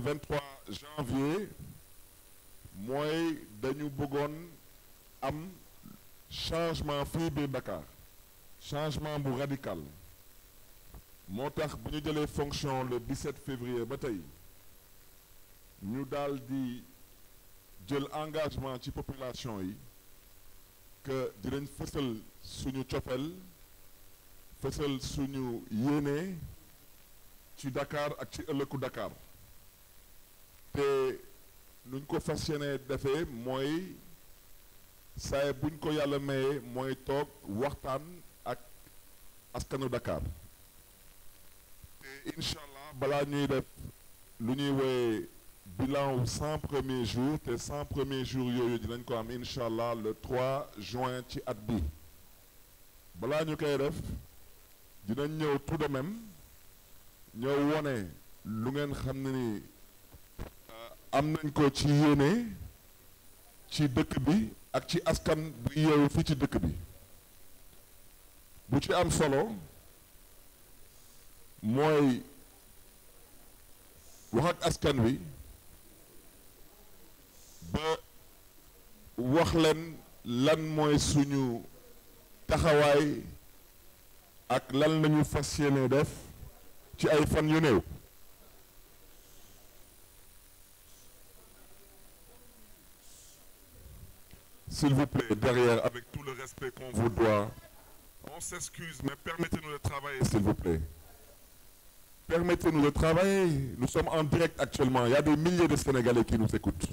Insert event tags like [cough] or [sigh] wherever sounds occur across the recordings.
le 23 janvier mooy dañu bëggoon am changement fii biir Dakar changement bu radical moo tax bu ñu jëlee fonction le 17 février ba tey ñu daal di jël engagement ci population yi que dinañ fësal suñu cofeel fësal suñu yéene ci Dakar ak ci ëllëgu Dakar te nuñ ko fas yéene defee mooy saay buñ ko yàlla mayee mooy toog waxtaan ak askanu Dakar te incha allah balaa ñuy def lu ñuy wooye bilan wu cent jour te cent premiers jours yooyu dinañ ko am incha allah le trois juin ci at bi balaa ñu koy def dinañ ñëw tout de même ñëw wone lu ngeen xam ne ni am nañ ko ci yéene ci dëkk bi ak ci askan bu yeewu fii ci dëkk bi bu ci am solo mooy wax ak askan wi ba wax lan mooy suñu taxawaay ak lan lañu fas yéene def ci ay fan yu néew S'il vous plaît, derrière, avec tout le respect qu'on vous doit, on s'excuse, mais permettez-nous de travailler, s'il vous plaît. Permettez-nous de travailler. Nous sommes en direct actuellement. Il y a des milliers de Sénégalais qui nous écoutent.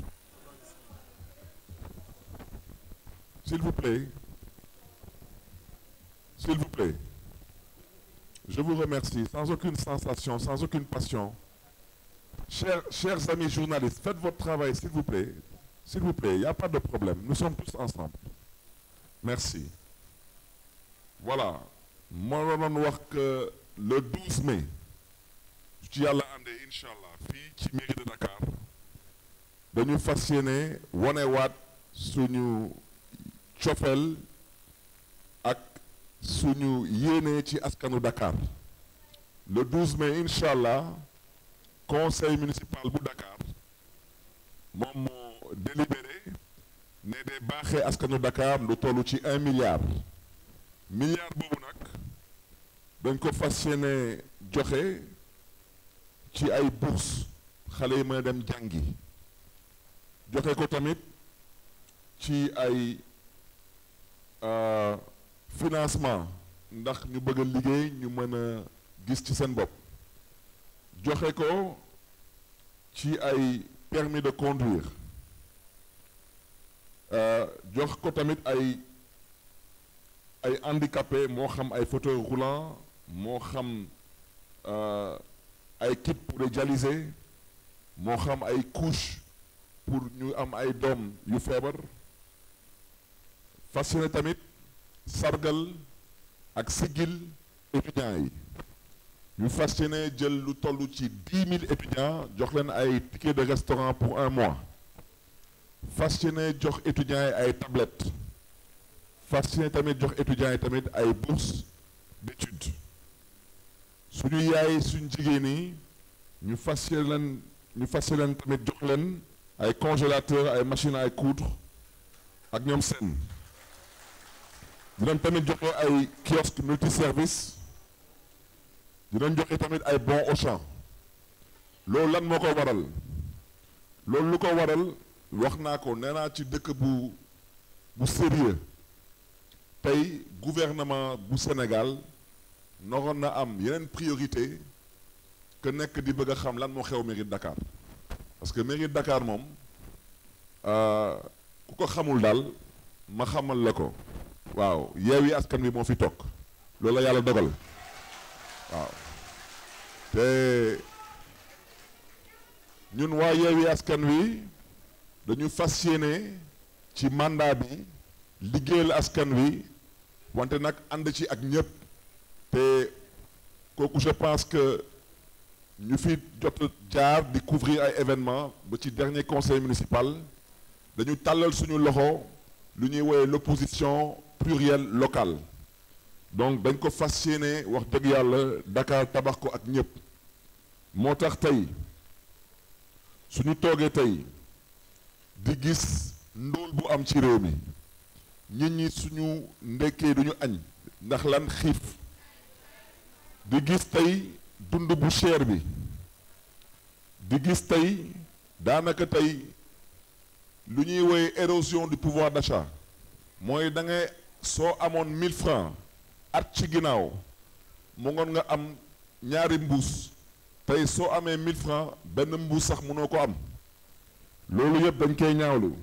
S'il vous plaît. S'il vous plaît. Je vous remercie, sans aucune sensation, sans aucune passion. Chers, chers amis journalistes, faites votre travail, s'il vous plaît. S'il vous plaît, il n'y a pas de problème. Nous sommes tous ensemble. Merci. Voilà. ma doon wax que le 12 mai ci yàlla àndee incha allah fii ci mairie de Dakar dañu fas wane wonewaat suñu cofeel ak suñu yéene ci askanu Dakar le 12 mai incha allah conseil municipal bu Dakar moom moo délibéré ne de baaxee askanu Dakar lu toll ci un milliard milliard boobu nag dañ ko fas yéene joxe ci ay bourse xale yi mën a dem jàngi joxe ko tamit ci ay euh, financement ndax ñu bëgg a liggéey ñu mën a gis ci seen bopp joxe ko ci ay permis de conduire Euh, jox ko tamit ay ay handicapé moo xam ay fauteuil roulant moo xam euh, ay kit pour les dialysés moo xam ay couche pour ñu am ay doom yu feebar fas yéene tamit sargal ak sigil étudiants yi ñu fas yéene jël lu toll ci dix mille étudiants jox leen ay ticket de restaurant pour un mois fas jox étudiants yi ay tablettes fas yéene tamit jox étudiants yi tamit ay bourses d'études suñu yaay suñu jigéen yi ñu fas yéene ñu fas yéene leen tamit jox leen ay congélateur ay machines ay coudre ak ñoom seen di tamit jox ay kiosque multiservice di leen jox tamit ay bon Auchan loolu lan moo ko waral loolu lu ko waral. wax naa ko nee naa ci dëkk bu bu sérieux tey gouvernement bu Sénégal noroon na am yeneen priorité que nekk di bëgg a xam lan moo xew mairie Dakar parce que mairie Dakar moom euh, ku ko xamul daal ma xamal la ko waaw Yewwi Askan Wi moo fi toog loolu la yàlla dogal waaw te ñun waa Yewwi Askan Wi dañu fas yéene ci mandat bi liggéeyal askan wi wante nag ànd ci ak ñëpp te kooku je pense que ñu fi jot jaar di couvrir ay événements ba ci dernier conseil municipal dañu tàllal suñu loxo lu ñuy woowee l'opposition plurielle local donc dañ ko fas wax dëgg yàlla Dakar tabax ko ak ñëpp moo tax tey suñu toogee tey di gis ndóol bu am ci réew mi nit ñi suñu ndekkee duñu añ ndax lan xiif di gis tey dund bu cher bi di gis tey daanaka tey lu ñuy woye érosion du pouvoir d'achat mooy da ngay soo amoon mille francs at ci ginnaaw mu ngoon nga am ñaari mbuus tey soo amee 1000 francs benn mbuus sax mënoo ko am loolu yëpp dañ koy ñaawlu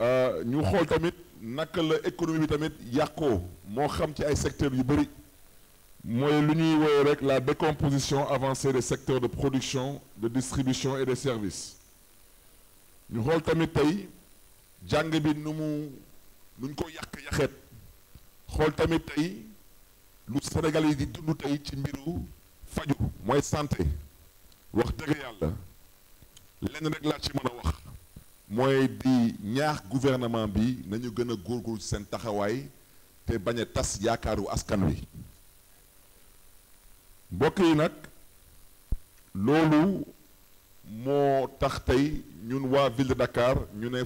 euh, ñu xool tamit naka la économie bi tamit yàqoo moo xam ci ay secteurs yu bëri mooy lu ñuy woowee rek la décomposition avancée des secteur de production de distribution et des services ñu xool tamit tey jàng bi nu mu nuñ ko yàq-yaxeet xool tamit tey lu Sénégal yi di tey ci mbiru faju mooy santé wax dëgg yàlla lenn rek laa ci mën a wax mooy di ñaax gouvernement bi nañu gën a góorgóorlu ci seen taxawaay te bañ a tas yaakaaru askan wi mbokk yi nag loolu moo tax tey ñun waa ville de ñu ne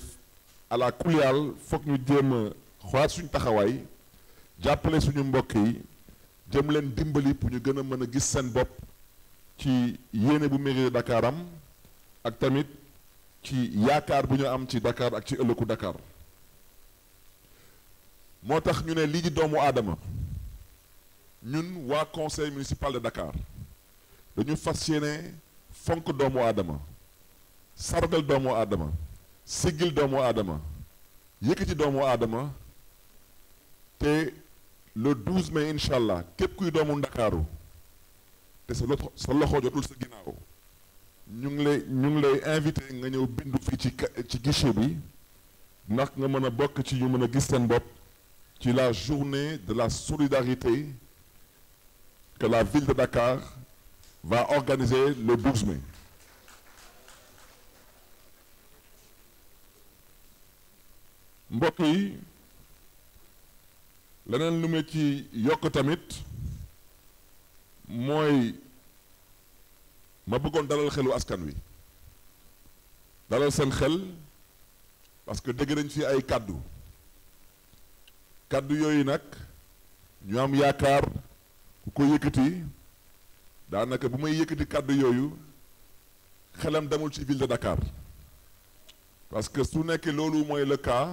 ala kuliyal foog ñu jéem a xoolaat suñu taxawaay jàppale suñu mbokk yi jëm leen dimbali pour ñu gën a mën a gis seen bopp ci yéene bu mairie de ak tamit ci yaakaar bu ñu am ci Dakar ak ci ëllëgu Dakar moo tax ñu ne lii di doomu aadama ñun waa conseil municipal de Dakar dañu fas yéene fonk doomu aadama sargal doomu aadama siggil doomu aadama ci doomu aadama te le 12 mai incha allah képp kuy doomu ndakaaru te sa loxo sa loxo jotul sa ginnaaw ñu ngi lay ñu lay invité nga ñëw bindu fii ci ci guichet bi nag nga mën a bokk ci ñu mën a gis seen bopp ci la journée de la solidarité que la ville de Dakar va organise le 12 mai. yi leneen lu ma ci yokk tamit mooy. ma bëggoon dalal xelu askan wi dalal seen xel parce que dégg nañ fi ay kàddu kàddu yooyu nag ñu am yaakaar ku ko yëkkati daanaka bu may yëkkati kàddu yooyu xelam demul ci ville de Dakar parce que su nekkee loolu mooy le cas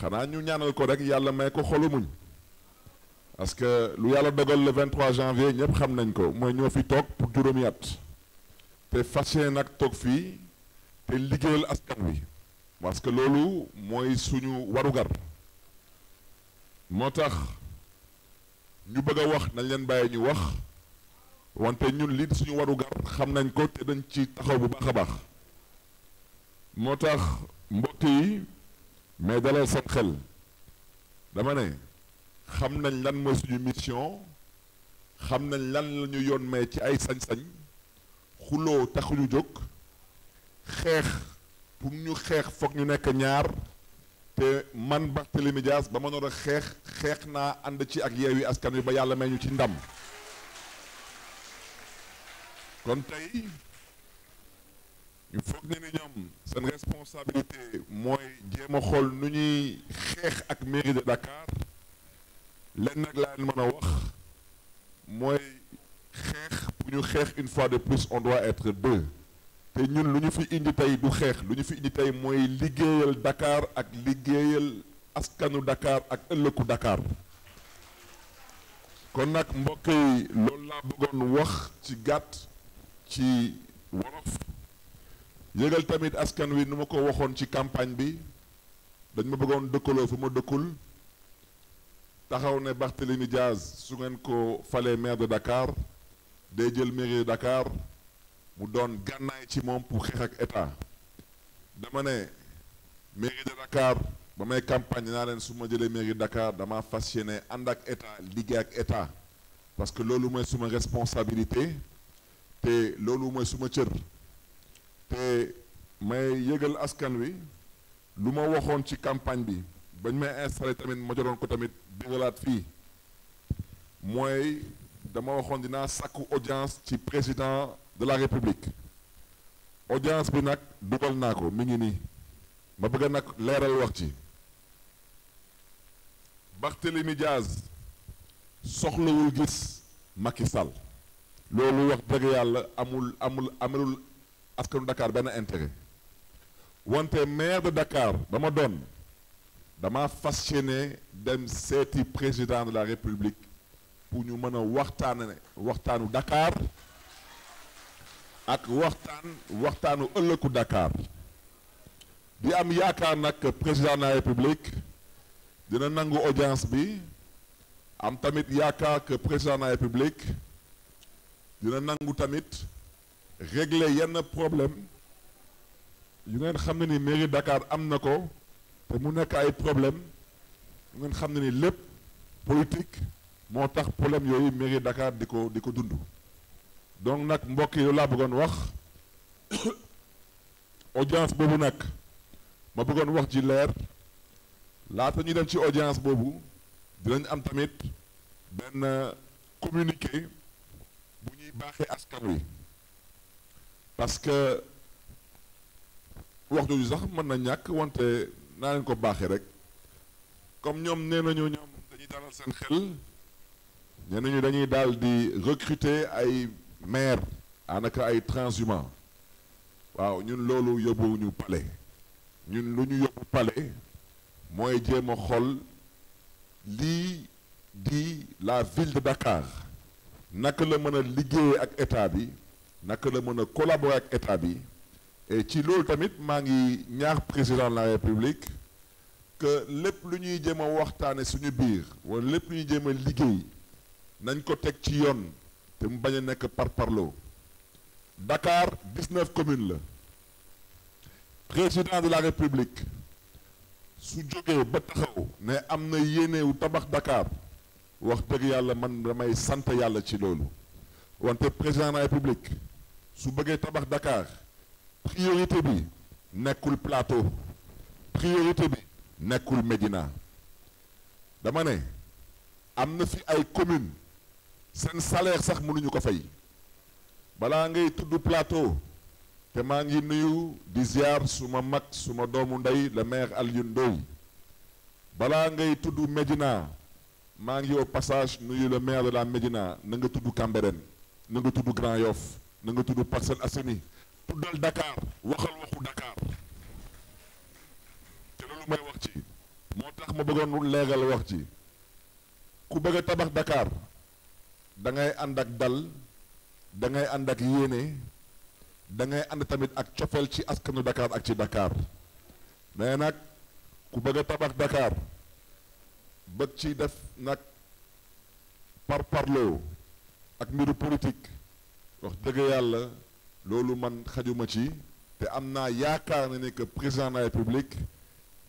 xanaa ñu ñaanal ko rek yàlla may ko xolu muñ parce que lu yàlla dogal le 23 janvier ñëpp xam nañ ko mooy ñoo fi toog pour juróomi at te fas nag toog fii te liggéeyal askan bi parce que loolu mooy suñu warugar moo tax ñu bëgg a wax nañ leen bàyyi ñu wax wante ñun lii suñu warugar xam nañ ko te dañ ci taxaw bu baax a baax moo tax mbokk yi mais dalal seen xel dama ne xam nañ lan mooy suñu mission xam nañ lan la ñu yoon may ci ay sañ-sañ xuloo taxuñu jóg xeex pour ñu xeex foog ñu nekk ñaar te man Barthélémy Dias ba ma noor xeex xeex naa ànd ci ak Yewwi Askan Wi ba yàlla may ñu ci ndam kon tey ñu foog ne ni ñoom seen responsabilité mooy jéem a xool nu ñuy xeex ak mairie de lenn nag laa leen mën a wax mooy xeex pour ñu xeex une fois de plus on doit être deux te ñun lu ñu fi indi tey du xeex lu ñu fi indi tey mooy liggéeyal Dakar ak liggéeyal askanu dakaar ak ëllëgu dakaar kon nag mbokk yi loolu laa bëggoon wax ci gàtt ci wolof yëgal tamit askan wi nu ma ko waxoon ci campagne bi dañ ma bëggoon dëkkaloo fu ma dëkkul taxaw ne Barthélemy Diaz su ngeen ko falee maire de Dakar day jël mairie de Dakar mu doon gànnaay ci moom pour xeex ak état dama ne mairie de Dakar ba may campagne naa leen su ma jëlee mairie de Dakar dama fas yéene ànd ak état liggéey ak état parce que loolu mooy suma responsabilité te loolu mooy suma cër te may yëgal askan wi lu ma waxoon ci campagne bi bañ may installé tamit ma joroon ko tamit dégalaat fii mooy dama waxoon dinaa sàkku audience ci président de la république audience bi nag dugal naa ko mi ngi nii ma bëgg nag leeral wax ci Barthélémy Diaz soxlawul gis Macky Sall loolu wax dëgg yàlla amul amul amelul askanu Dakar benn intérêt wante maire de Dakar ba ma doon dama fas yéene dem seeti président de la république pour ñu mën a waxtaane waxtaanu Dakar ak waxtaan waxtaanu ëllëgu Dakar di am yaakaar nag président de la république dina nangu audience bi am tamit yaakaar que président de la république dina nangu tamit régler yenn problème yu ngeen xam ne ni mairie Dakar am na ko te mu nekk ay problème ngeen xam ne ni lépp politique moo tax problème yooyu mairie Dakar di ko di ko dund donc nag mbokk yi laa bëggoon wax [coughs] audience boobu nag ma bëggoon wax ji leer laata ñu dem ci audience boobu dinañ am tamit benn euh, communiqué bu ñuy baaxee askan wi parce que wax jooju sax mën na ñàkk wante naa leen ko baaxee rek comme ñoom nee nañu ñoom dañuy dalal seen xel nee nañu dañuy daal di recruter ay maire anaka ay transhumants waaw ñun loolu yóbbuwuñu pale ñun lu ñu yóbbu palais mooy jéem a xool lii di la ville de Dakar naka la mën a liggéeyee ak état bi naka la mën a collaborer ak état bi ci loolu tamit maa ngi ñaax président de la république que lépp lu ñuy jéem a waxtaane suñu biir wala lépp lu ñuy jéem a liggéey nañ ko teg ci yoon te mu bañ a nekk par parloo Dakar 19 communes la président de la république su jógee ba taxaw ne am na yéenewu tabax Dakar wax dëgg yàlla man damay sant yàlla ci loolu wante président de la république su bëggee tabax dakaar priorité bi nekkul plateau priorité bi nekkul Médina dama ne am na fi ay commune seen salaire sax mënuñu ko fay balaa ngay tudd plateau te maa ngi nuyu di ziar suma mag suma doomu ndey la maire Alioune Ndoye balaa ngay tudd Médina maa ngi au passage nuyu le maire de la Médina na nga tudd Cambérène na nga tudd Grand Yoff na nga tudd Parcelles Assainies ku dal Dakar waxal waxu Dakar te may wax ci moo tax ma bëggoon leegal wax ci ku bëgg tabax Dakar dangay ngay ànd ak dal da ngay ànd ak yéene da ngay ànd tamit ak cofeel ci askanu Dakar ak ci Dakar mais nag ku bëgg tabax Dakar bëgg ci def nag par parloo ak mbiru politik wax dëgg yàlla loolu man xajuma ci te am naa yaakaar na ne que président de la république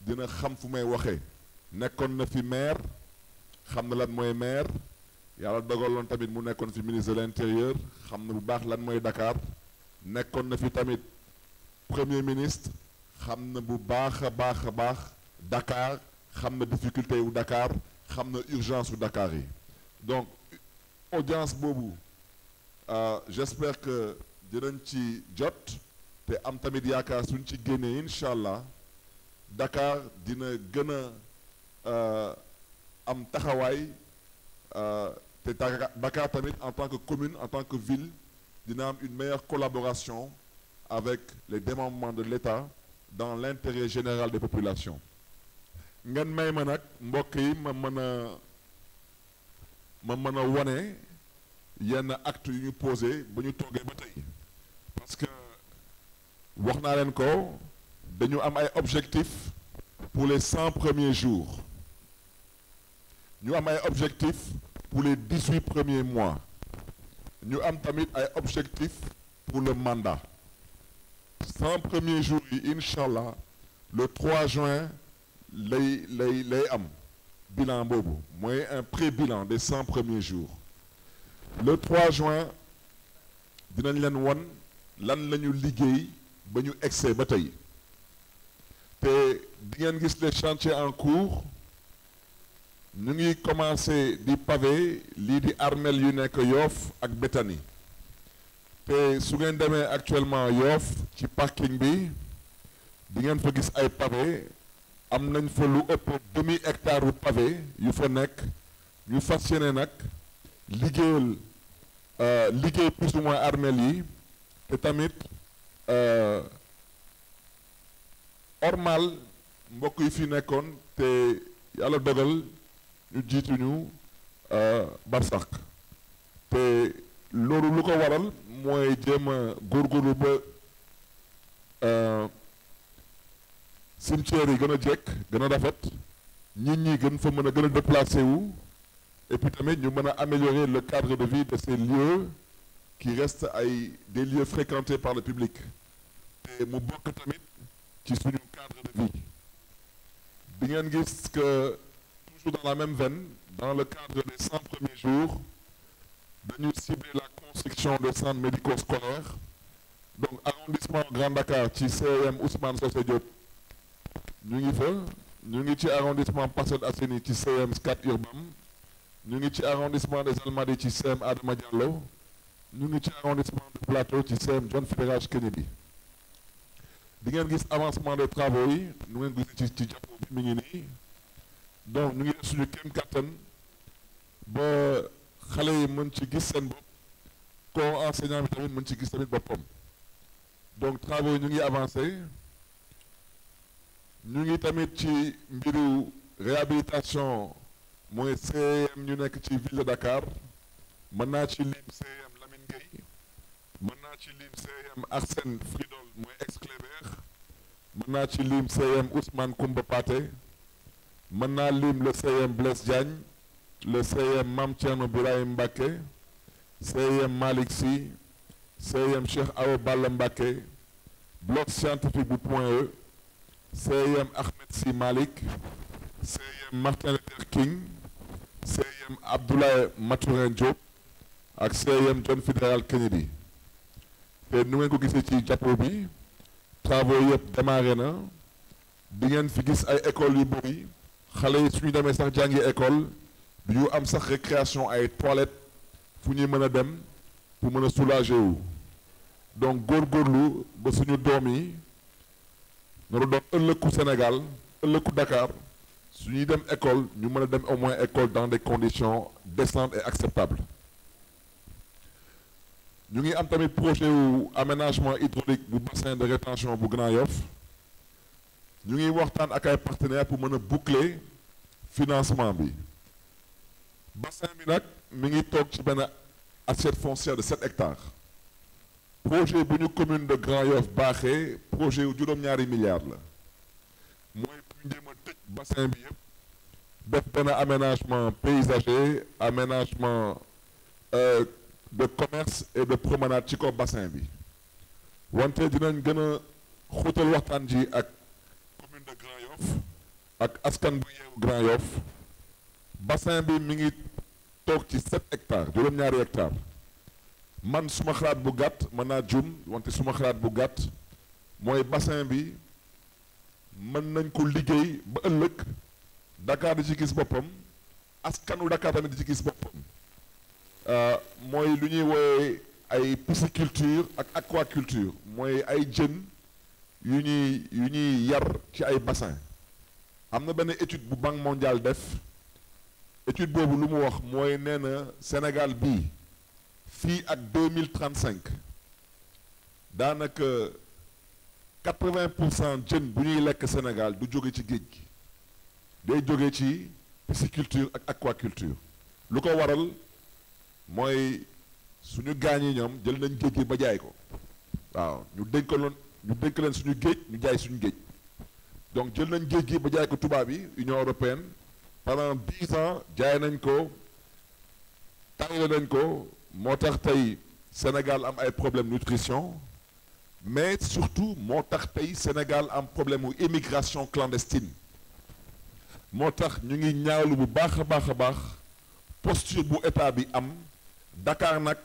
dina xam fu may waxee nekkoon na fi maire xam na lan mooy maire yàlla loon tamit mu nekkoon fi ministre de l'intérieur xam na bu baax lan mooy Dakar nekkoon na fi tamit premier ministre xam na bu baax a baax a baax Dakar xam na difficulté wu dakaar xam na urgence wu dakaar yi donc audience boobu euh, j'espère que dinañ ci jot te am tamit yaakaar suñ ci génnee incha allah Dakar dina gën a euh, am taxawaay euh, te Dakar tamit en tant que commune en tant que ville dina am une meilleure collaboration avec les démembrements de l'État dans l'intérêt général des populations ngeen may ma nag mbokk yi ma mën a ma mën a wane yenn acte yu ñu posé ba ñu toogee ba tey parce que wax naa leen ko dañu am ay objectifs pour les cent premiers jours ñu am ay objectifs pour les dix-huit premiers mois ñu am tamit ay objectifs pour le mandat cent premiers jours yi incha allah le 3 juin lay lay lay am bilan boobu mooy un pré-bilan des cent premiers jours le 3 juin dinañ leen won lan lañu liggéey ba ñu egsee ba tey te di gis les chantiers en cours ñu ngi commencé di pavé lii di armel yu nekk yoof ak Béthanie te su ngeen demee actuellement Yoff ci parking bi di ngeen fa gis ay pavé am nañ fa lu ëpp demi hectare u pavé yu fa nekk ñu fas yéene nag liggéeyal euh, liggéey plus ou moins armel yi te tamit euh, ormal mbokk yi fi nekkoon te yàlla dogal ñu jiituñu euh, barsax te loolu lu ko waral mooy jéem a góorgóorlu ba euh, cimetière yi gën a jekk gën a rafet nit ñi gën fa mën a gën a déplacé wu et tamit ñu mën a améliorer le cadre de vie de ces lieux qui reste ay des lieux fréquentés par le public te mu bokk tamit ci suñu cadre de vie di ngeen gis que toujours dans la même veine dans le cadre des cent premiers jours dañu cibler la construction de centres médico-scolaires donc arrondissement Grand Dakar ci CEM Ousmane Socé Diop ñu ngi fa ñu ngi ci arrondissement Parcelles Assainies ci CEM Scat Urbam ñu ngi ci arrondissement des Almadies ci CEM Adama Diallo ñu ngi ci arrondissement du plateau ci CEM John Fitzgerald Kennedy di ngeen gis avancement des travaux yi nu ngeen gis ci ci jàppoo bi mi ngi nii donc ñu ngi def suñu kéem kàttan ba xale yi mën ci gis seen bopp ko enseignant bi tamit mën ci gis tamit boppam donc travaux yi ñu ngi avancé ñu ngi tamit ci mbiru réhabilitation mooy CEM ñu nekk ci ville de Dakar naa ci lim CEM naa ci lim CM Arsène Fridol mooy ex-Clébert mën naa ci lim CM Ousmane Koumba Paté mën naa lim le CM Blaise Diagne le CM Mame Thierno Birahim Mbacké CM Malick Sy CM Cheikh Awa Balla Mbacké bloc scientifique bu Point E CM Ahmed Sy Malick CM Martin Luther King CM Abdoulaye Maturin Diop ak CM John Fitzgerald Kennedy te nu ngeen ko gisee ci jàppo bi travaux yëpp démarré na di ngeen fi gis ay écoles yu bëri xale yi suñu demee sax jàngi école du ñu am sax récréation ay toilettes fu ñuy mën a dem pour mën a soulager wu donc góorgóorlu ba suñu doom yi naru doon ëllëgu Sénégal ëllëgu Dakar suñuy dem école ñu mën a dem au moins école dans des conditions décentes et acceptables ñu ngi am tamit projet wu aménagement hydraulique bu bassin de rétention bu Grand Yoff ñu ngi waxtaan ak ay partenaires pour mën a boucler financement bi bassin bi nag mi ngi toog ci benn assiette foncière de 7 hectares projet bu ñu commune de Grand Yoff baaxee projet yu juróom-ñaari milliards la mooy bu ñu tëj bassin bi yëpp def benn aménagement paysager aménagement. Euh, de commerce et de promenade ci ko bassin bi wante dinañ gën a xóotal waxtaan ji ak commune de Grand Yoff ak askan bu yeewu Grand Yoff bassin bi mu ngi toog ci sept hectares juróom-ñaari hectares man suma xalaat bu gàtt mën naa jum wante suma xalaat bu gàtt mooy bassin bi mën nañ ko liggéey ba ëllëg Dakar di ci gis boppam askanu Dakar tamit di ci gis boppam Euh, mooy lu ñuy wooyee ay pisciculture ak aquaculture mooy ay jën yu ñuy yu ñuy yar ci ay bassin am na benn étude bu Banque mondiale def étude boobu lu mu wax mooy nee na Sénégal bi fii ak 2035 daanaka 80 pour cent jën bu ñuy lekk Sénégal du jóge ci géej gi day jóge ci pisciculture ak aquaculture lu ko waral mooy suñu gaañ yi ñoom jël nañ géej gi ba jaay ko waaw ñu dénkaloon ñu dénk leen suñu géej ñu jaay suñu géej donc jël nañ géej gi ba jaay ko tubaab yi Union européenne pendant dix ans jaay nañ ko tàngale nañ ko moo tax tey Sénégal am ay problème nutrition mais surtout moo tax tey Sénégal am problème mu immigration clandestine moo tax ñu ngi ñaawlu bu baax a baax a baax posture bu état bi am Dakar nag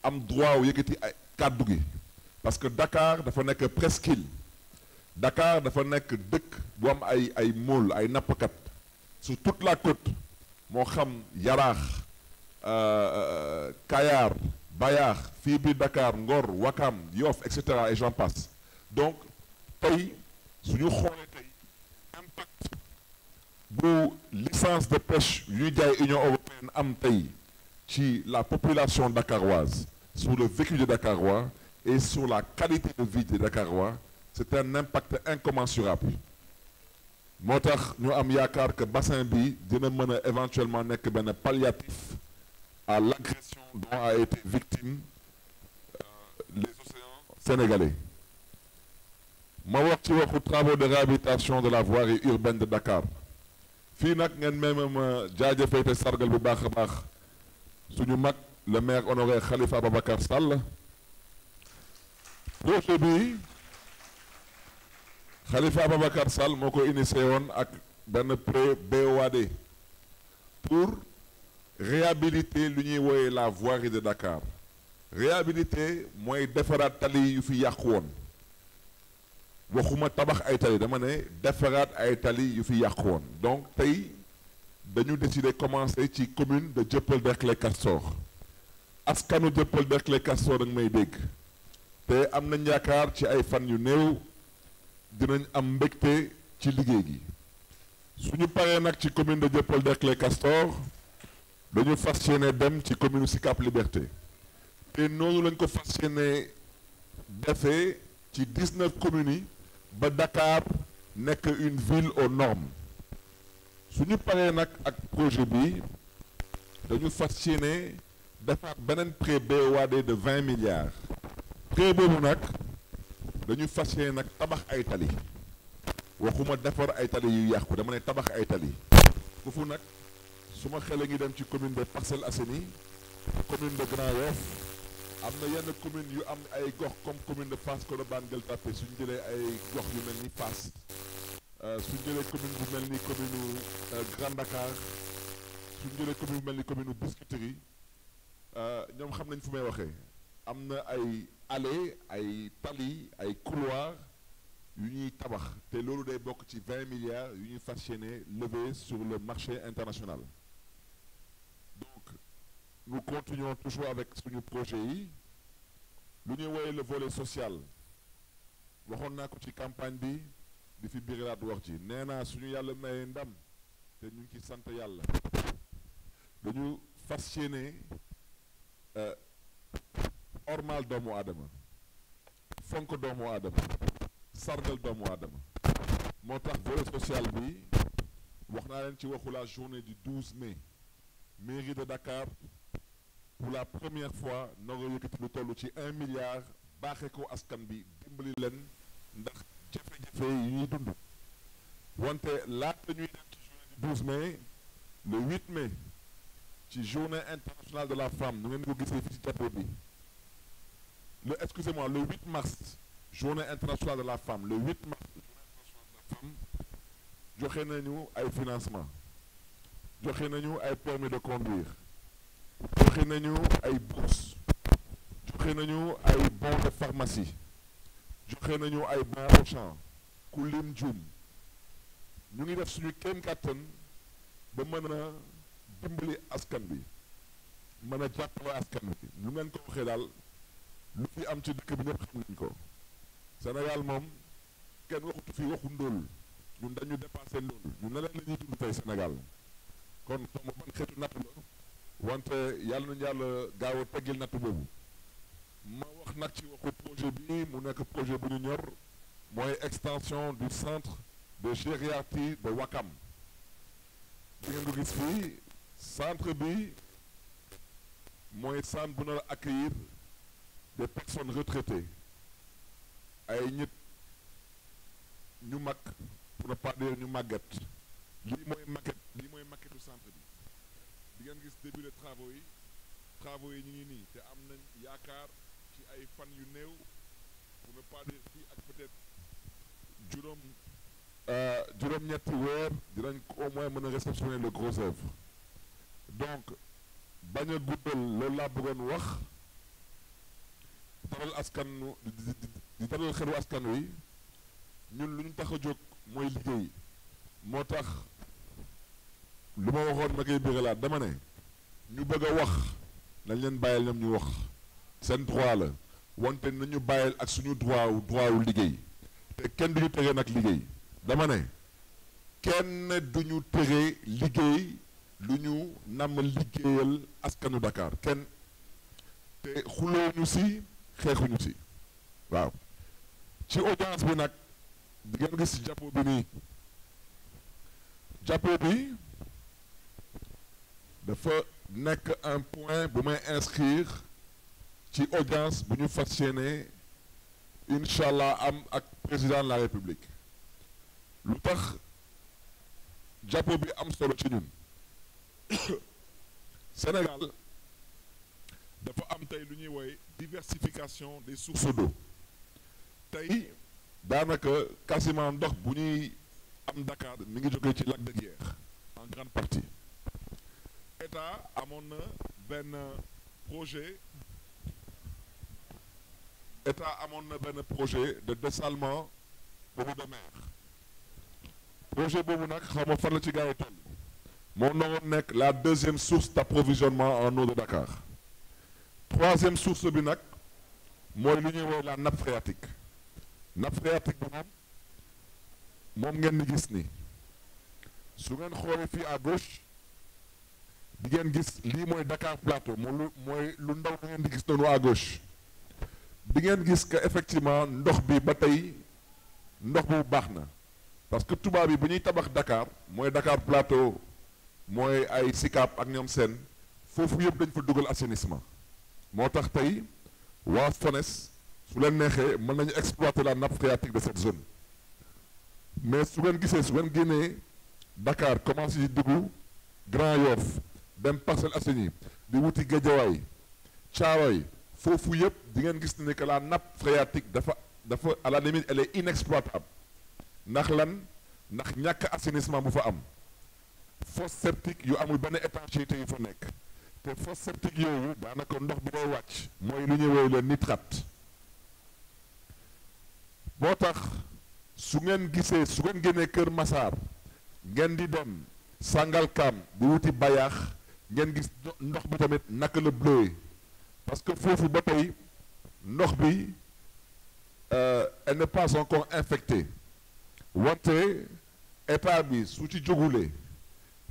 am droit wu yëkkati ay kàddu gi parce que Dakar dafa nekk presqu'île dakaar dafa nekk dëkk bu am ay ay mool ay nappkat sur toute la côte moo xam Yaraax euh, euh, Kayar Bayaax fii biir dakaar Ngor Wakam Yoff et cetera et j'en passe donc tey suñu xoolee tey impact bu licence de pêche yu ñuy jaay Union européenne am tey ci la population dakaroise sur le vécu des Dakarois et sur la qualité de vie des Dakarois c'est un impact incommensurable moo tax ñu am yaakaar que bassin bi dina mën a éventuellement nekk benn palliatif à l'agression dont a été victime euh, les océans sénégalais ma wax ci waxu travaux de réhabilitation de la voirie urbaine de Dakar fii nag ngeen même ma jaajëfee sargal bu baax a baax suñu mag le maire honoré Khalifa Ababacar Sall projet bi Khalifa Ababacar Sall moo ko initié woon ak benn pré BOAD pour réhabiliter lu ñuy wooyee la voirie de Dakar réhabiliter mooy defaraat tali yu fi yàqu woon waxuma tabax ay tali dama ne defaraat ay tali yu fi yàqu woon donc tey dañu décider commencer ci commune de Dieuppeul Derklé Castors askanu Dieuppeul Derklé Castors ak may dégg te am nañ yaakaar ci ay fan yu néew dinañ am mbégte ci liggéey gi suñu paree nag ci commune de Dieuppeul Derklé Castors dañu fas yéene dem ci commune Sicap Liberté te noonu lañ ko fas yéene defee ci 19 communes yi ba Dakar nekk une ville aux normes suñu paree nag ak projet bi dañu fas yéene defar beneen prêt BOAD de vingt milliards prêt boobu nag dañu fas nag tabax ay tali waxuma defar ay tali yu yàqu dama ne tabax ay tali foofu nag su ma xel a ngi dem ci commune de Parcelles Assainies commune de Grand Yoff am na yenn commune yu am ay gox comme commune de Fass Colobane Gueule Tapée suñu jëlee ay gox yu mel ni passe Euh, suñ jëlee commune bu mel ni commune euh, Grand Dakar suñ jëlee euh, ñoom xam nañ fu may waxee am na ay allées ay tali ay couloir yu ñuy tabax te loolu day bokk ci 20 milliards yu ñuy fas yéene sur le marché international donc nous continuons toujours avec suñu projet yi lu ñuy woowee le volet social waxoon naa ko ci campagne bi di fi biiraat wax ji nee naa suñu yàlla mayee ndam te ñu ngi ci sant yàlla dañu fas yéene euh, ormal doomu aadama fonk doomu aadama sargal doomu aadama moo tax volet social bi wax naa leen ci waxu la journée du 12 mai mairie de Dakar pour la première fois nanga yëkkati lu toll ci un milliard baaxee ko askan bi dimbali leen ndax jafe-jafe yi ñuy dund wante laata ñuy dem ci journée mai le 8 mai ci journée internationale de la femme nu ngeen ko gisee fii ci jàppoo bi le excusez-moi le mars journée internationale de la femme le 8 mars journée internationale de la femme joxe ay financement joxe nañu ay permis de conduire joxe nañu ay bourse joxe nañu ay bons de joxe nañu ay bons pour cent ku lim ñu ngi def suñu kenn kàttan ba mën a dimbali askan bi mën a jàppale askan bi ñu ngeen ko waxee daal lu fi am ci dëkk bi ñëpp xam nañ ko Sénégal moom kenn waxutu fi waxu ndóol ñun dañu dépassé ndóol ñu ne leen la ñuy dund tey Sénégal kon xam ban xeetu natt la wante yàlla nañu yàlla gaaw a teggil boobu wax nag ci waxu projet bi mu nekk projet bu ñu ñor mooy extension du centre de gériatrie de Wakam di ngeen ko gis fii centre bi mooy centre bu nar a accueillir des personnes retraitées ay ñit ñu mag pour ne pas dire ñu màgget lii mooy maquette lii mooy maquettu centre bi di ngeen gis début de travaux yi travaux yi ñu ngi nii te am na yaakaar ay fan yu néew pour ne ak peut juróom euh, juróom-ñetti weer dinañ au moins mën a réceptionner le gros œuvre donc bañ a guddal loolu laa bëggoon wax dalal askan di dalal xelu askan wi ñun lu ñu tax a jóg mooy liggéey moo tax lu ma waxoon ma koy béralaat dama ne ñu bëgg a wax nañ leen bàyyil ñoom ñu wax seen droit la wante nañu bàyyil ak suñu droit wu droit liggéey te kenn duñu tere nag liggéey dama ne kenn duñu tere liggéey lu ñu namm liggéeyal askanu Dakar kenn te xulooñu si xeexuñu si waaw ci audience bi nag di ngeen gis jàppo bi nii jàppo bi dafa nekk un point bu may inscrire ci audience bu ñu fas yéene incha allah am ak président de la république lu tax jàppo bi am solo ci ñun [coughs] Sénégal dafa am tey lu ñuy wooye diversification des sources d'eau tey daanaka quasiment ndox bu ñuy am Dakar mi ngi jógee ci lac de Guiers en grande partie état amoon na benn projet état amoon na benn projet de dessalement boobu de mer projet boobu nag xaw ma fan la ci gars moom toll moo nekk la deuxième source d'approvisionnement en eau de Dakar troisième source bi nag mooy li ñuy woy la nappe phréatique nappe phréatique bi moom moom ngeen di gis ni su ngeen xoolee fii à gauche di ngeen gis lii mooy Dakar Plateau moo lu mooy lu ndaw lu ngeen di gis noonu à gauche li ngeen gis que effectivement ndox bi ba tey ndox bu baax na parce que tubaab yi bu ñuy tabax dakaar mooy Dakar plateau mooy ay Sicap ak ñoom seen foofu yëpp dañ fa dugal assainissement moo tax tey waa FONES su leen neexee mën nañu exploiter la nappe phréatique de cette zone mais su ngeen gisee su ngeen génnee Dakar commencé di dugg Grand Yoff dem Parcelles Assainies di wuti Guédiawaye Thiaroye foofu yëpp di ngeen gis ni que la nappe phréatique dafa dafa à la limite elle inexploitable ndax lan ndax ñàkk assainissement bu fa am fosse septique yu amul benn étanchéité yu fa nekk te fosse septique yooyu daanaka ndox bi day wàcc mooy lu ñuy woy le nitrate boo tax su ngeen gisee su ngeen génnee Kër Massar ngeen di dem Sangalkam di wuti bayaax ngeen gis ndox bi tamit naka la blowee parce que foofu ba tey ndox bi euh, elle n'est pas encore infectée wante état bi su ci jógulee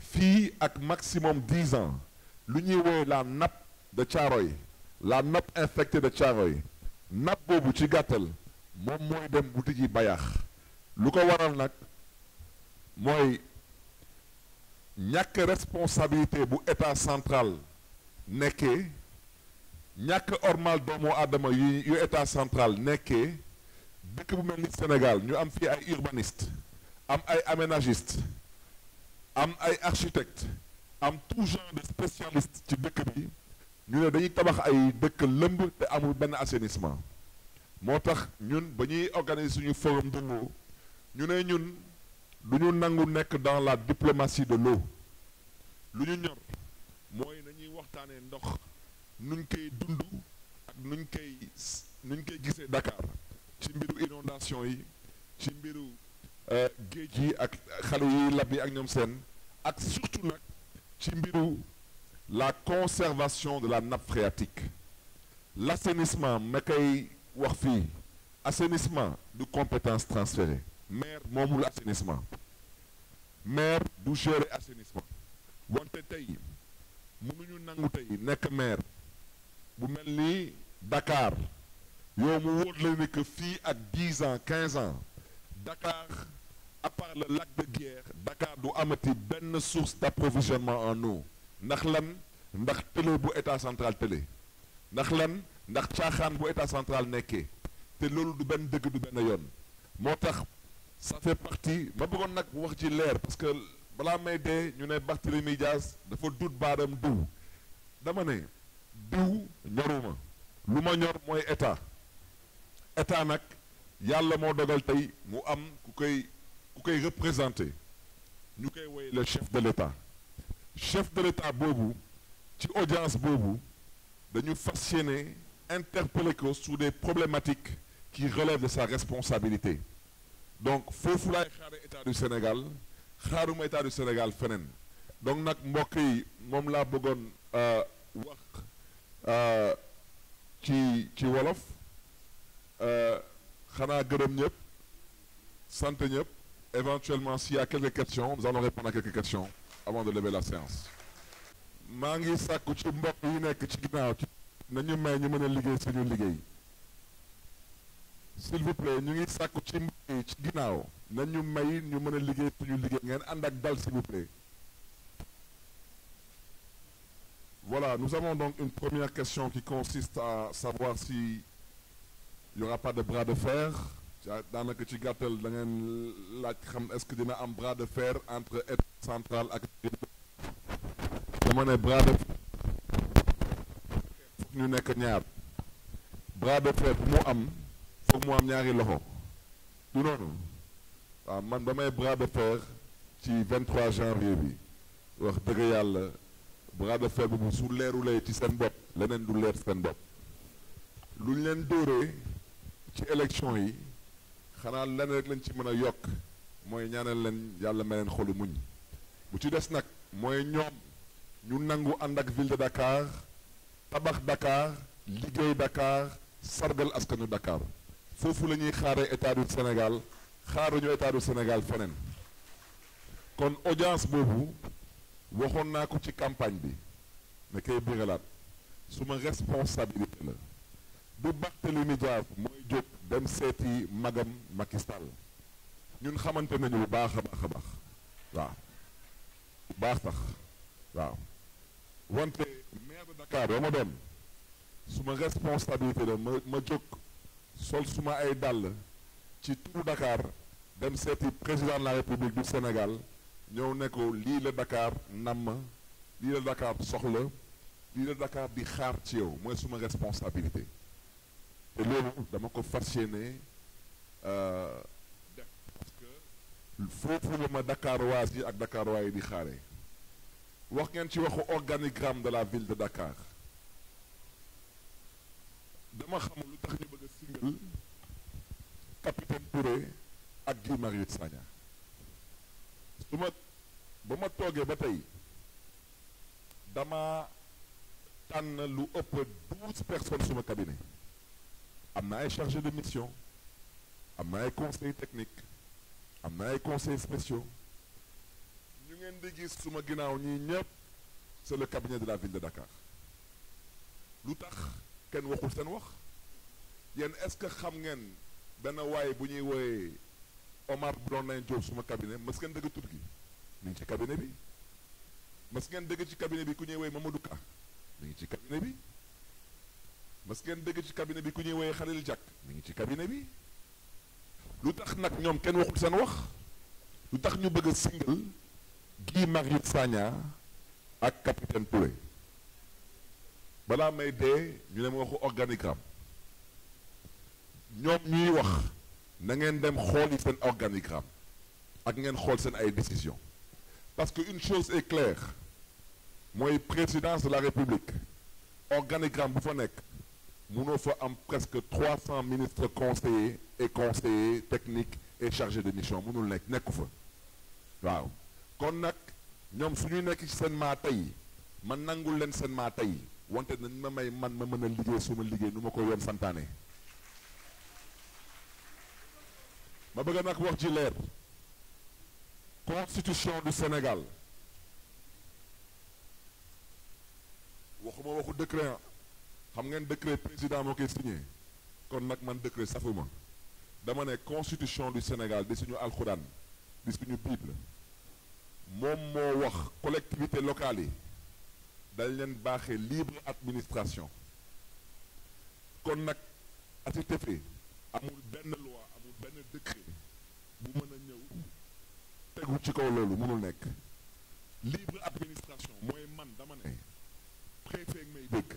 fii ak maximum dix ans lu ñuy woowee la nappe de Thiaroye la nappe infectée de Thiaroye nappe boobu ci gàttal moom mooy dem bu tijji bayaax lu ko waral nag mooy ñàkk responsabilité bu état central nekkee ñàkk ormal doomu aadama yu yu état central nekkee dëkk bu mel ni Sénégal ñu am fii ay urbaniste am ay aménagiste am ay architecte am tout genre de spécialiste ci bëkk bi ñu ne dañuy tabax ay dëkk lëmb te amul benn assainissement moo tax ñun ba ñuy organiser suñu forum de l'eau ñu ne ñun du ñu nangu nekk dans la diplomatie de l'eau lu ñu ñor mooy nañuy waxtaanee ndox nuñ koy dundu ak nuñ koy nuñ koy gisee Dakar ci mbiru inondation yi ci mbiru euh, géej yi ak xale yi lab yi ak ñoom seen ak surtout nag ci mbiru la conservation de la nappe phréatique l'assainissement ma koy wax fi assainissement du compétence transférée maire moomul assainissement maire du gérer assainissement wante tey mënuñu nangu tey nekk maire bu mel ni Dakar yow mu wóor la ni que fii ak dix ans quinze ans Dakar à la le lac de Guiers Dakar du amati benn source d'approvisionnement en eau ndax lan ndax télé bu état central télé ndax lan ndax caaxaan bu état central nekkee te loolu du benn dëgg du benn yoon moo tax ça fait partie ma bëggoon nag bu wax ci leer parce que balaa may dee ñu ne Barthélémy Dias dafa dut baaram diw dama ne diw ñoruma lu ma ñor mooy état état nag yàlla moo dogal tey mu am ku koy ku koy représenté ñu koy woy le chef de l'état chef de l'état boobu ci audience boobu dañu fas yéene interpeller ko sur des problématiques qui relèvent de sa responsabilité donc foofu laay xaare état du Sénégal xaaruma état du Sénégal feneen donc nag mbokk yi moom laa bëggoon euh, wax ci ci wolof euh, xanaa gërëm ñëpp sant ñëpp éventuellement si y a quelques questions nous allons répondre à quelques questions avant de lever la séance maa ngi sàkku ci mbokk yu nekk ci ginnaaw ci nañu may ñu mën a liggéey suñu liggéey s'il vous plaît ñu ngi sàkku ci mbokk yi ci ginnaaw nañu may ñu mën a liggéey suñu liggéey ngeen ànd ak dal s'il vous plaît Voilà, nu avons donc une première question qui consiste à savoir si il y pas de bras de fer. daanaka ci gàttal da ngeen laaj xam est-ce que dina am bras de fer entre état central ak. dama ne bras de fer foog ñu nekk ñaar bras de fer bu mu am foog mu am ñaari loxo du noonu waaw ah, man damay bras de fer ci 23 janvier bi wax dëgg yàlla. bu nga defee bu su leerulee ci seen bopp leneen du leer seen bopp lu ñu leen dóoree ci élection yi xanaa leneen rek lañ ci mën a yokk mooy ñaanal leen yàlla may leen xolu muñ bu ci des nag mooy ñoom ñu nangu ànd ak ville de Dakar tabax Dakar liggéey Dakar sargal askanu Dakar foofu la ñuy xaaree état du Sénégal xaaruñu état du Sénégal feneen kon audience boobu waxoon naa ko ci campagne bi ne koy biralaat suma responsabilité la du Barthélemy Dias mooy jóg dem seeti magam Macky Sall ñun xamante nañu bu baax a baax a baax waaw bu baax sax waaw wante maire de Dakar ba ma doon suma responsabilité la ma ma jóg sol suma ay dàll ci tout Dakar dem seeti président de la République du Sénégal ñëw ne lii la Dakar namm lii la Dakar soxla lii la Dakar di xaar ci yow mooy suma responsabilité te loolu dama ko fas yéene euh, def parce que foofu la ma Dakar waas yi ak Dakar waay di xaare wax ngeen ci waxu organigramme de la ville de Dakar dama xamul lu tax ñu bëgg a capitaine Touré ak Guy Marius ba ma toogee ba tey dama tànn lu ëpp douze personnes suma cabinet am na ay chargé de mission am na ay conseil technique am na ay conseils spéciaux ñu ngeen di gis suma ginnaaw ñi ñëpp c'est le cabinet de la ville de Dakar lu tax kenn waxul seen wax yéen est-ce que xam ngeen benn waaye bu ñuy wooyee Omar Blondin Diop suma cabinet mës ngeen dëgg tur gi mi ngi ci cabinet bi mas ngeen dëgg ci cabinet bi ku ñuy woy Mamadou Ka mi ngi ci cabinet bi mas ngeen dëgg ci cabinet bi ku ñuy woy Khalil Diack mi ngi ci cabinet bi lu tax nag ñoom kenn waxul seen wax lu tax ñu bëgg a singal Guy Marius saaña ak capitaine Touré balaa may dee ñu ne ma waxu organigramme ñoom ñuy wax na ngeen dem xooli seen organigramme ak ngeen xool seen ay décision parce une chose est claire mooy présidence de la république organigramme bu fa nekk mënoo fa am presque trois cents ministres conseillers et conseillers technique et chargés de mission mënul nekk nekku fa waaw kon nag ñoom suñuy nekk ci seen maa tey man nangul leen seen maa tey wante nañ ma may man ma mën a liggéey suma liggéey nu ma ko yoon santaane ma bëgg nag wax ci leer constitution du Sénégal waxuma waxu décret ah. xam ngeen décret président moo koy kon nag man décret safuma dama ne constitution du Sénégal di suñu alxuraan di suñu bible moom moo wax collectivité locale yi dañ leen baaxee libre administration kon nag à amul benn loi amul benn décret bu mën a ñëw tegu ci kaw loolu mënul nekk libre administration mooy man dama ne préfet may dégg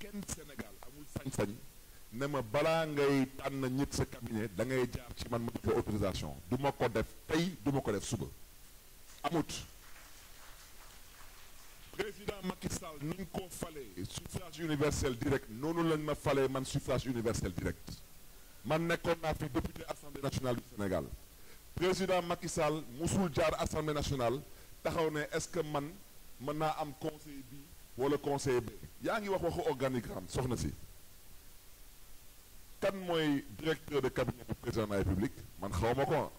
kenn Sénégal amul sañ-sañ ne ma balaa ngay tànn ñit sa cabinet da ngay jaar ci man ma joxe autorisation du ma ko def tey du ma ko def suba amut président Macky Sall ni ñu ko falee suffrage universel direct noonu lañ ma falee man suffrage universel direct man nekkoon naa fi député assemblée nationale du Sénégal président Macky Sall musul jaar assemblée nationale taxaw ne est-ce que man mën naa am conseil bi wala conseil bi yaa ngi wax waxu organigramme soxna si kan mooy directeur de cabinet du président de la république man xaw ma ko ah.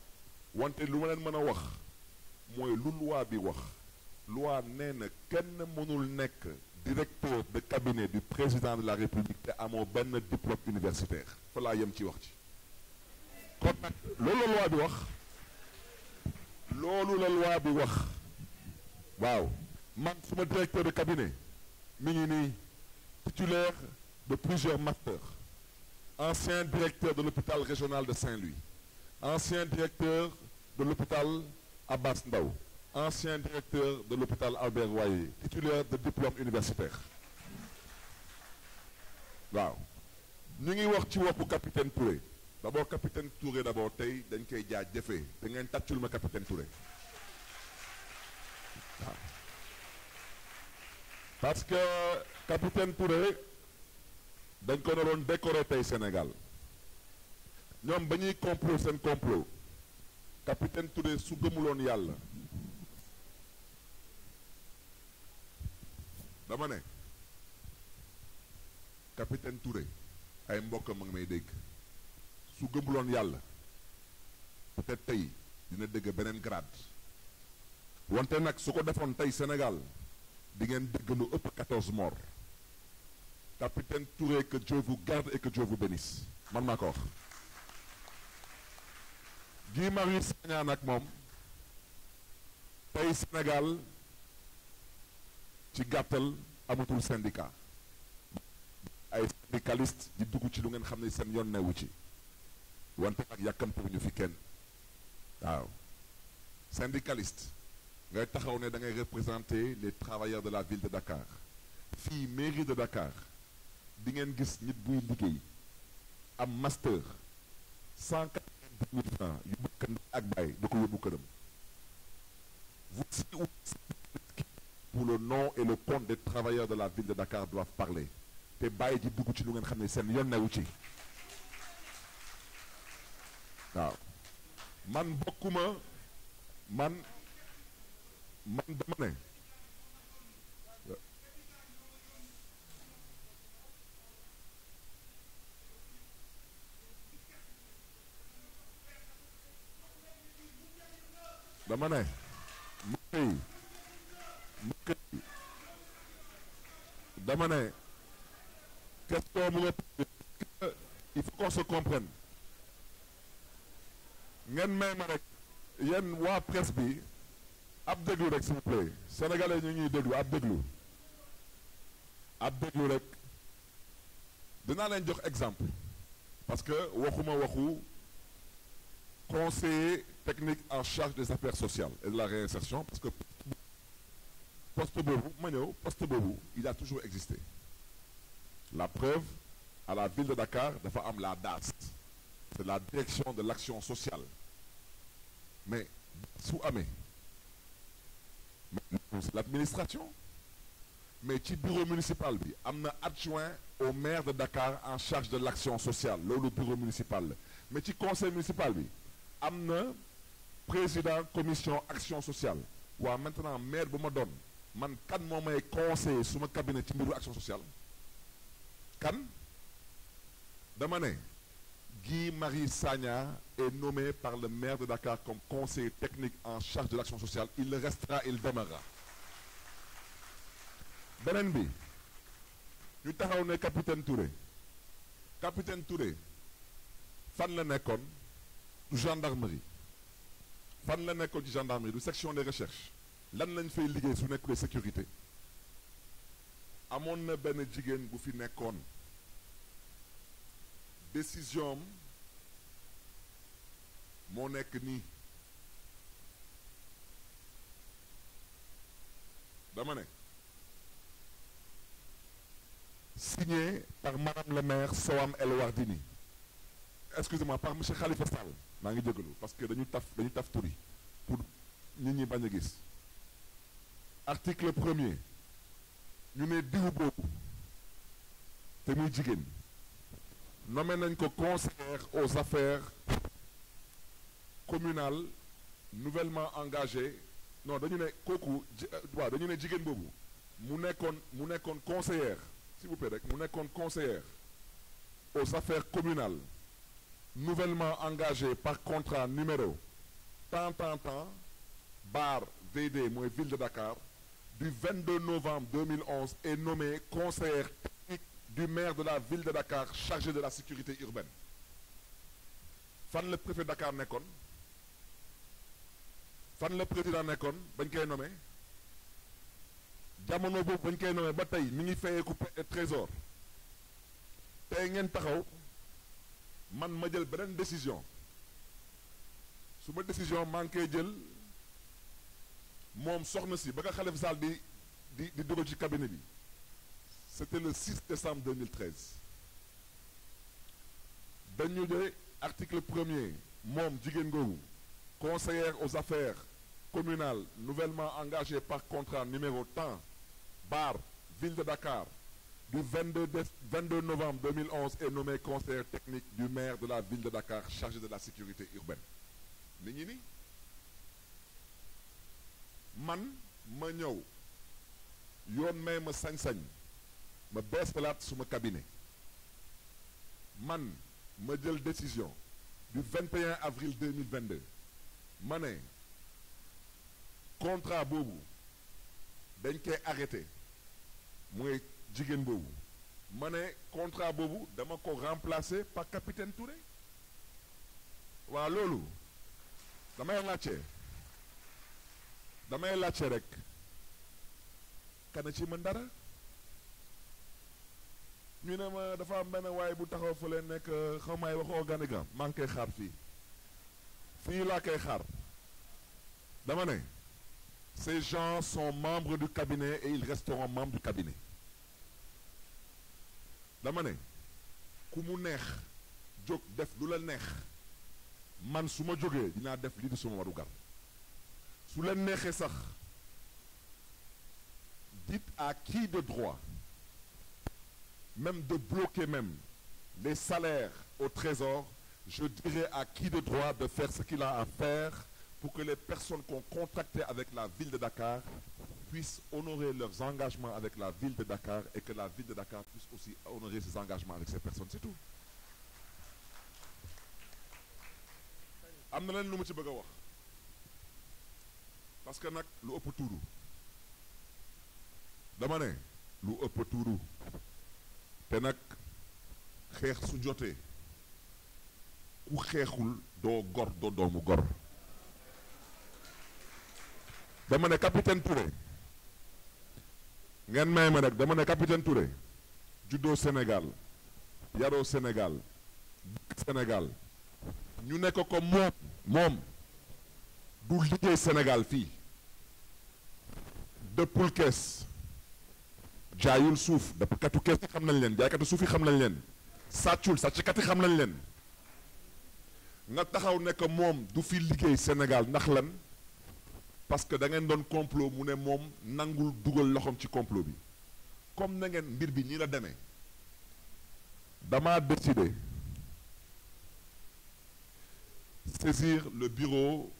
wante lu ma leen mën a wax mooy lu loi bi wax loi nee na kenn mënul nekk directeur de cabinet du président de la république te amoo benn diplôme universitaire fa laa yem ci wax ci kon loolu la bi wax loolu la loi bi wax waaw man suma directeur de cabinet mi ngi nii titulaire de plusieurs masters ancien directeur de l'hôpital régional de Saint-Louis ancien directeur de l'hôpital Abbas Ndao ancien directeur de l'hôpital Albert Royer titulaire de diplôme universitaire waaw ñu ngi wax ci woppu capitaine Touré d' abord capitaine Touré d' abord tey dañ koy jaajëfee te ngeen tàccul ma capitaine Touré que capitaine Touré dañ ko tey Sénégal ñoom ba ñuy seen complot capitaine Touré su yàlla dama ne capitaine Touré ay mbokk ma ngi may dégg. su gëmuloon yàlla peut-être tey dina dégg beneen grade wante nag su ko defoon tey senegal di ngeen dégg lu ëpp 14 morts capitaine Touré que Dieu garde et que Dieu man ma ko wax. Guy Marius Sagna nag moom tey Sénégal ci gàttal amatul syndicat ay syndicaliste di dugg ci lu ngeen xam ne seen yoon newu ci. wante nag yàkkamtuwuñu fi kenn waaw syndicaliste ngay taxaw ne da ngay représenter les travailleurs de la ville de Dakar fii mairie de Dakar di ngeen gis nit buy liggéey am master cent quatre francs yu bëkk ak bàyyi da ko yóbbu këram voici où pour le nom et le compte des travailleurs de la ville de Dakar doivent parler te bàyyi ji dugg ci lu ngeen xam ne seen yoon newu ci waaw man bokkuma man man dama ne dama ne mbokk yi mbokk nga il faut qu'on se comprenne ngeen may ma rek yéen waa presse bi ab déglu rek s'il vous plaît sénégalais ñu ñuy déglu ab déglu ab déglu leen jox exemple parce que waxuma waxu conseiller technique en charge des affaires sociales et de la réinsertion parce que poste boobu ma ñëw poste boobu il a toujours existé la preuve à la ville de Dakar dafa am la DAS c'est la direction de l'action sociale mais su amee l'administration mais ci bureau municipal bi am na adjoint au maire de Dakar en charge de l'action sociale loolu bureau municipal la mais ci conseil municipal bi am na président commission action sociale waaw maintenant maire bu ma doon man kan moo may conseiller suma cabinet ci mbiru action sociale kan dama ne Guy Marie Sagna est nommé par le maire de Dakar comme conseiller technique en charge de l'action sociale il le restera il demeurera beneen bi ñu taxaw ne capitaine Touré capitaine Touré fan la nekkoon du gendarmerie fan la nekkoon ci gendarmerie du section des recherches lan lañ fay liggéey su nekkulee sécurité amoon na benn jigéen bu fi nekkoon décision moo nekk nii dama ne signé par madame le maire Soham El Wardini excusez-moi par monsieur Khalifa Sall maa ngi jégalu parce que dañu taf dañu taf tur pour nit ñi bañ a gis article premier ñu ne diw boobu te muy jigéen nommé nañ ko conseillère aux affaires communales nouvellement engagée non dañu ne kooku euh, waaw dañu ne jigéen boobu mu nekkoon mu nekkoon conseillère s'il vous plaît rek mu nekkoon conseillère aux affaires communales nouvellement engagée par contrat numéro tant tant tant bar VD mooy ville de Dakar du 22 novembre 2011 est nommée conseillère technique du maire de la ville de Dakar chargé de la sécurité urbaine fan la préfet Dakar nekkoon fan la président nekkoon bañ koy nome jamono boobu bañ koy nommé ba tey mi ngi fayeeku trésor tey ngeen taxaw man ma jël beneen décision su ma décision maa ngi koy jël moom soxna si ba nga Khalifa Sall di di di dugal ci cabinet bi c'était le 6 décembre 2013 dañu de article premier moom jigéen googu conseillère aux affaires communales nouvellement engagée par contrat numéro temps bar ville de Dakar du 22 de 22 novembre 2011 est nommée conseillère technique du maire de la ville de Dakar chargée de la sécurité urbaine mi ngi man ma ñëw yoon ma sañ-sañ ma bees talaat suma cabinet man ma jël décision du 21 avril 2022 ma ne contrat boobu dañ koy arrêté mooy jigéen boobu ma ne contrat boobu dama ko remplacer par capitaine Touré waa loolu damay laajte damay laajte rek kana ci mën dara ñu ne ma dafa am benn waaye bu taxaw leen nekk xaw maay waxu organique am maa ngi koy xaar fii fii laa koy xaar dama ne ces gens sont membre du cabinet et ils resteront membre du cabinet dama ne ku mu neex jóg def lu la neex man su ma jógee dinaa def lii di suma waru su leen neexee sax dites à qui de droit même de bloquer même les salaires au trésor, je dirais à qui de droit de faire ce qu'il a à faire pour que les personnes qui ont avec la ville de Dakar puissent honorer leurs engagements avec la ville de Dakar et que la ville de Dakar puisse aussi honorer ses engagements avec ces personnes. C'est tout. am na leen lu mu ci bëgg a wax parce que nag lu ëpp dama ne lu ëpp te nag xeex su jotee ku xeexul doo gor doo doomu gor dama ne capitaine Touré ngeen may ma rek dama ne capitaine Touré juddoo Sénégal yaroo Sénégal Sénégal ñu nekk ko moom moom du liggéey Sénégal fii dëppul kees jaayul suuf nappkatu kees xam nañ leen jaaykatu suuf yi xam nañ leen sàccul sàcckat yi xam nañ leen nga taxaw ne que moom du fi liggéey Sénégal ndax lan parce que da ngeen doon complot mu ne moom nangul dugal loxoom ci complot bi comme na ngeen mbir bi nii la demee dama décidé saisir le bureau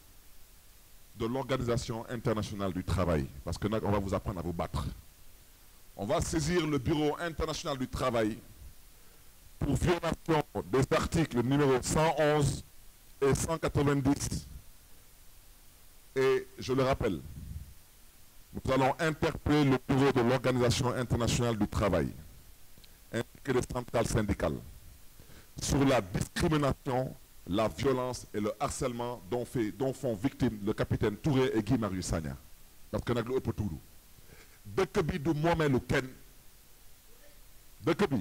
de l'Organisation internationale du travail parce que nag on va vous apprendre à vous battre on va saisir le Bureau international du travail pour violation des articles numéro 111 et 190. Et je le rappelle, nous allons interpeller le Bureau de l'Organisation internationale du travail la discrimination, la violence et le harcèlement dont, fait, dont font victimes le capitaine Touré et dëkk bi du moomeelu kenn dëkk bi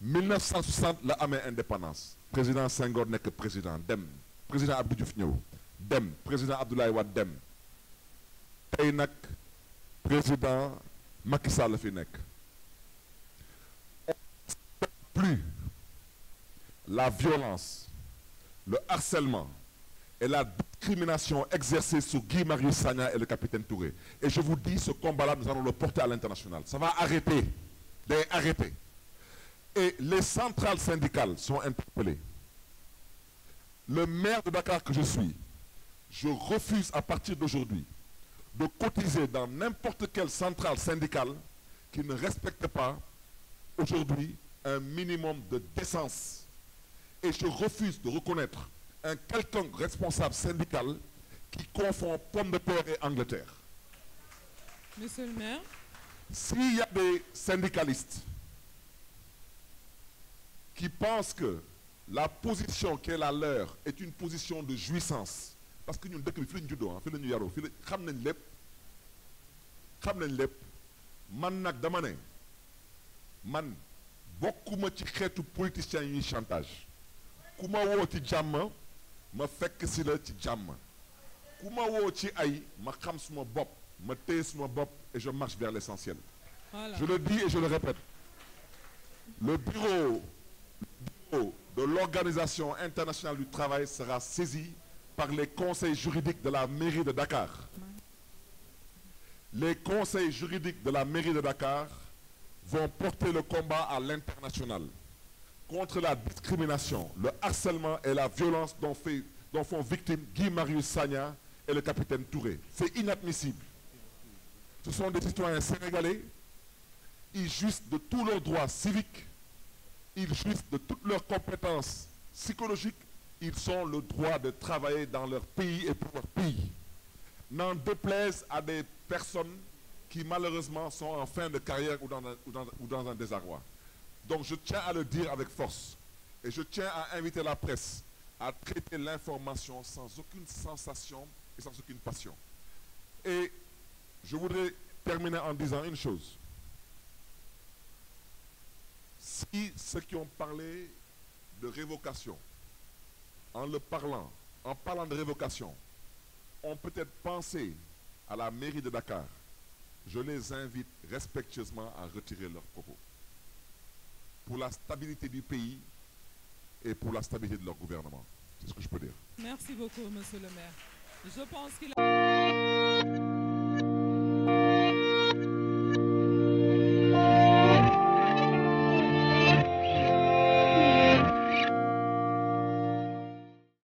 1960 la amee indépendance président Senghor nekk président dem président Abdou Diouf ñëw dem président Abdoulaye Wade dem tey nag président Macky Sall la fi nekk plus la violence le harcèlement et la discrimination exercée sur Guy Marius Sagna et le capitaine Touré. Et je vous dis, ce combat-là, nous allons le porter à l'international. Ça va arrêter. les centrales syndicales sont interpellées. Le maire de Dakar que je suis, je refuse à partir d'aujourd'hui de cotiser dans n'importe quelle centrale syndicale qui ne respecte pas aujourd'hui un minimum de décence. Et je refuse de reconnaître un quelconque responsable syndical qui confond pomme de terre et Angleterre. Monsieur le maire. S'il y a des syndicalistes qui pensent que la position qui est la leur est une position de jouissance parce que ñun dëkk bi fi la ñu juddoo ah fi la ñu yaroo fi xam nañ lépp xam nañ lépp man nag dama ne man bokkuma ci xeetu politiciens chantage ku ma woo ci jàmm ma fekk si la ci jàmm ku ma woo ci ay ma xam suma bopp ma suma bopp et je marche vers l'essentiel voilà. je le dis et je le répète le bureau, de l'organisation internationale du travail sera saisi par les conseils juridiques de la mairie de Dakar les conseils juridiques de la mairie de Dakar vont porter le combat à l'international contre la discrimination, le harcèlement et la violence dont, fait, dont font victimes Guy Marius Sagna et le capitaine Touré. C'est inadmissible. Ce sont des citoyens sénégalais. Ils jouissent de tous leurs droits civiques. Ils jouissent de toutes leurs compétences psychologiques. Ils ont le droit de travailler dans leur pays et pour pays. N'en déplaise à des personnes qui malheureusement sont en fin de carrière ou dans un, ou dans, ou dans un désarroi. Donc je tiens à le dire avec force et je tiens à inviter la presse à traiter l'information sans aucune sensation et sans aucune passion. Et je voudrais terminer en disant une chose. Si ceux qui ont parlé de révocation, en le parlant, en parlant de révocation, ont peut-être pensé à la mairie de Dakar, je les invite respectueusement à retirer leurs propos. pour la stabilité du pays et pour la stabilité de leur gouvernement. C'est ce que je peux dire.